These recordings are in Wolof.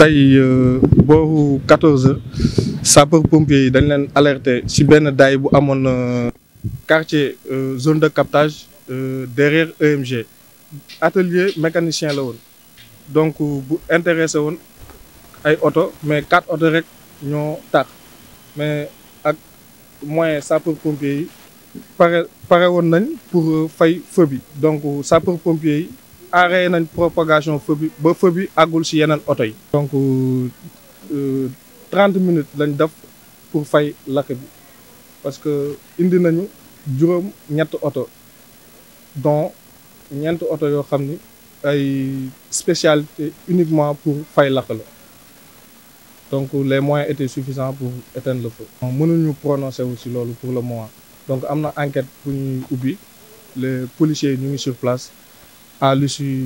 tey euh, booru 14 heures sapeur pompier yi dañ leen alerter si benn daay bu amoon euh, quartier euh, zone de captage derrière EMG atelier mécanicien la woon donc bu intéressé woon ay oto mais quatre oto rek ñoo tax mais ak moyen sapeur pompier yi pare pare woon nañ pour fay feu bi donc sapeur pompier yi arrêté nañ propagation feu bi ba feu bi àggul si yeneen oto yi. donc euh, trente minutes lañ def pour fay lakk bi parce que indi nañu juróom ñett oto dont ñeenti oto yoo xam ni ay spécialité uniquement pour fay lakk la donc les moyens étaient suffisants pour éteindre le feu. mënuñu prononcé wu si loolu pour le moment donc am na enquête bu ñuy ubbi le policiers ñu ngi sur place. à l'issue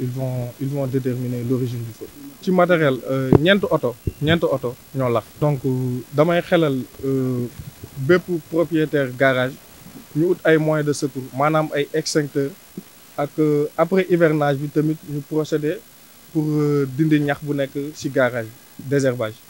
ils vont ils vont déterminer l'origine du feu ci matériel euh, ñeent oto ñeent oto ñoo lax donc euh, damay xelal euh, bépp propriétaire garage ñu ut ay moyens de secours maanaam ay extincteur ak après hivernage bi tamit ñu procéder pour dindi ñax bu nekk ci garage désherbage